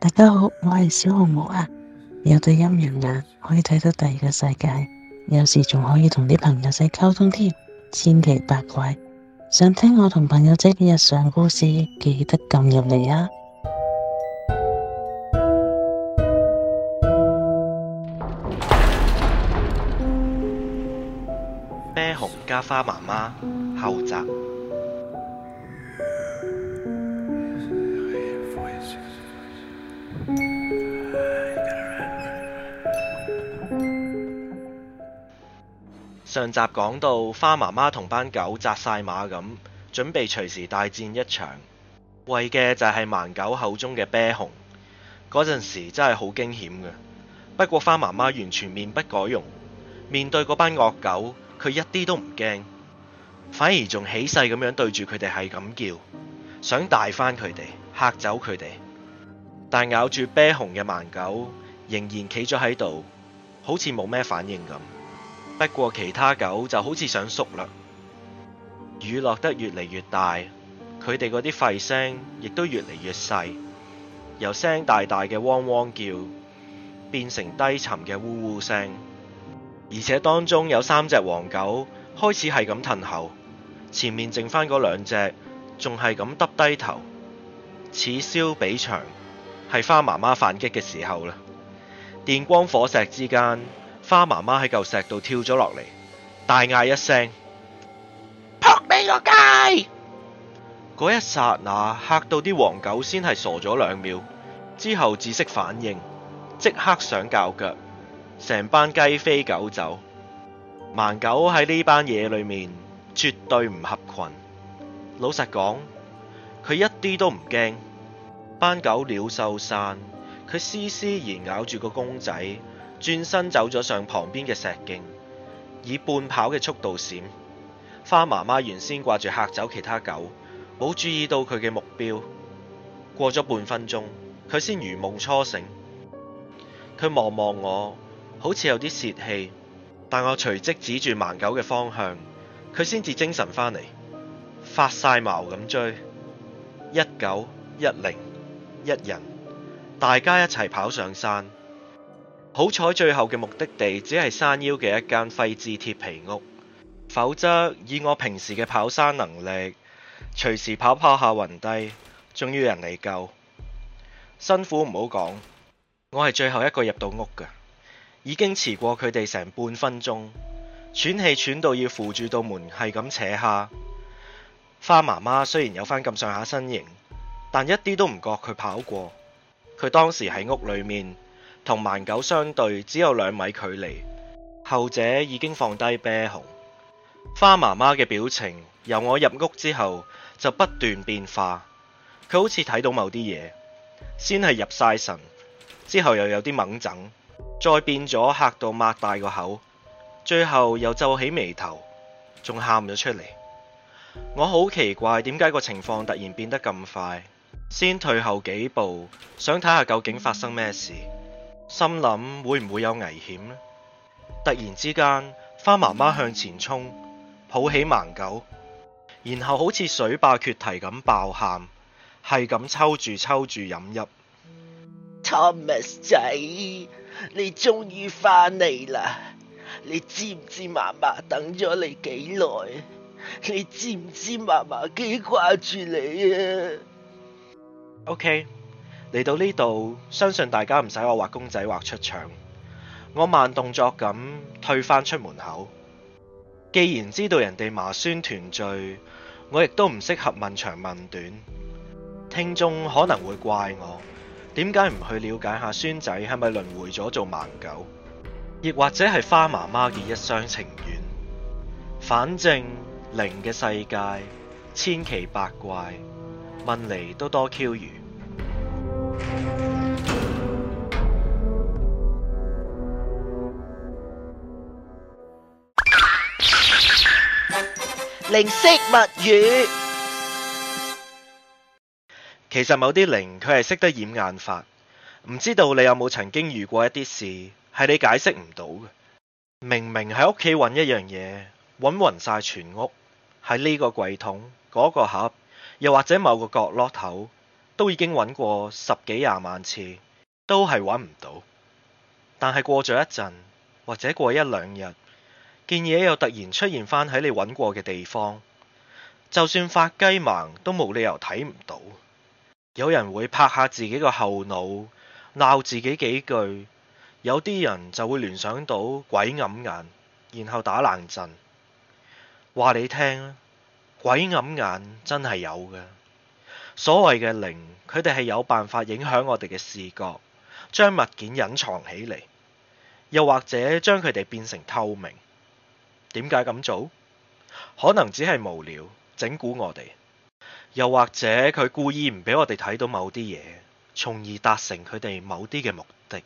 大家好，我係小紅帽啊，有對陰陽眼可以睇到第二個世界，有時仲可以同啲朋友仔溝通添，千奇百怪。想聽我同朋友仔嘅日常故事，記得撳入嚟啊！啤熊加花媽媽後集。上集講到，花媽媽同班狗紮晒馬咁，準備隨時大戰一場，為嘅就係盲狗口中嘅啤熊。嗰陣時真係好驚險嘅。不過花媽媽完全面不改容，面對嗰班惡狗，佢一啲都唔驚，反而仲起勢咁樣對住佢哋係咁叫，想大返佢哋，嚇走佢哋。但咬住啤熊嘅盲狗仍然企咗喺度，好似冇咩反應咁。不過其他狗就好似想縮嘞。雨落得越嚟越大，佢哋嗰啲吠聲亦都越嚟越細，由聲大大嘅汪汪叫，變成低沉嘅嗚嗚聲。而且當中有三隻黃狗開始係咁褪後，前面剩翻嗰兩隻仲係咁耷低頭，此消彼長，係花媽媽反擊嘅時候啦。電光火石之間。花媽媽喺舊石度跳咗落嚟，大嗌一聲：仆你個街！嗰一剎那嚇到啲黃狗先係傻咗兩秒，之後只識反應，即刻想較腳，成班雞飛狗走。盲狗喺呢班嘢裏面絕對唔合群。老實講，佢一啲都唔驚。班狗鳥獸散，佢施施然咬住個公仔。轉身走咗上旁邊嘅石徑，以半跑嘅速度閃。花媽媽原先掛住吓走其他狗，冇注意到佢嘅目標。過咗半分鐘，佢先如夢初醒。佢望望我，好似有啲泄氣，但我隨即指住盲狗嘅方向，佢先至精神返嚟，發晒茅咁追。一狗、一靈、一人，大家一齊跑上山。好彩最後嘅目的地只係山腰嘅一間廢置鐵皮屋，否則以我平時嘅跑山能力，隨時跑跑下暈低，仲要人嚟救。辛苦唔好講，我係最後一個入到屋㗎，已經遲過佢哋成半分鐘，喘氣喘到要扶住度門係咁扯蝦。花媽媽雖然有返咁上下身形，但一啲都唔覺佢跑過，佢當時喺屋裏面。同盲狗相對只有兩米距離，後者已經放低啤熊。花媽媽嘅表情由我入屋之後就不斷變化，佢好似睇到某啲嘢，先係入晒神，之後又有啲忟憎，再變咗吓到擘大個口，最後又皺起眉頭，仲喊咗出嚟。我好奇怪，點解個情況突然變得咁快？先退後幾步，想睇下究竟發生咩事。心諗會唔會有危險呢？突然之間，花媽媽向前衝，抱起盲狗，然後好似水壩決堤咁爆喊，係咁抽住抽住飲泣。Thomas 仔，你終於翻嚟啦！你知唔知嫲嫲等咗你幾耐？你知唔知嫲嫲幾掛住你啊？OK。嚟到呢度，相信大家唔使我畫公仔畫出腸。我慢動作咁退返出門口。既然知道人哋嫲孫團聚，我亦都唔適合問長問短。聽眾可能會怪我，點解唔去了解下孫仔係咪輪迴咗做盲狗，亦或者係花媽媽嘅一廂情願？反正靈嘅世界，千奇百怪，問嚟都多 Q 餘。靈識物語，其實某啲靈佢係識得掩眼法，唔知道你有冇曾經遇過一啲事，係你解釋唔到嘅。明明喺屋企揾一樣嘢，揾匀晒全屋，喺呢個櫃桶、嗰個盒，又或者某個角落頭，都已經揾過十幾廿萬次，都係揾唔到。但係過咗一陣，或者過一兩日，件嘢又突然出現返喺你揾過嘅地方，就算發雞盲都冇理由睇唔到。有人會拍下自己個後腦，鬧自己幾句；有啲人就會聯想到鬼揞眼，然後打冷震。話你聽啦，鬼揞眼真係有㗎。所謂嘅靈，佢哋係有辦法影響我哋嘅視覺，將物件隱藏起嚟，又或者將佢哋變成透明。點解咁做？可能只係無聊，整蠱我哋，又或者佢故意唔畀我哋睇到某啲嘢，從而達成佢哋某啲嘅目的。